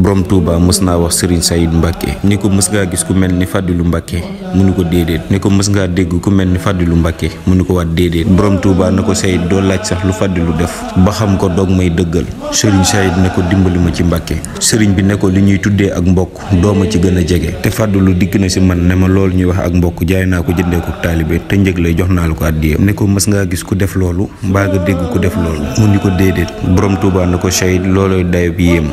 borom Touba mës naa wax Serigne Sayid Mbacke ni ko mës ngaa gis ku mel ni Fadilu Mbacke mu ni ko déedéet ni ko mës ngaa dégg ku mel ni Fadilu Mbacke mu ni ko waat déedéet borom Touba na ko Sayid doo laaj sax lu Fadilu def ba xam ko doog may dëggal Serigne Sayid ne ko dimbali ma ci Mbacke Serigne bi ne li ñuy tuddee ak mbokk dooma ci gën a jege te Fadilu dikk na si man ne ma loolu ñuy wax ak mbokk jaay naa ko jëndee ko taalibe te njëg lay jox naa la ko àddiya ne ko mës ngaa gis ku def loolu mbaa dégg ku def loolu mu ni ko déedéet borom Touba na ko Sayid looloy dayab yéem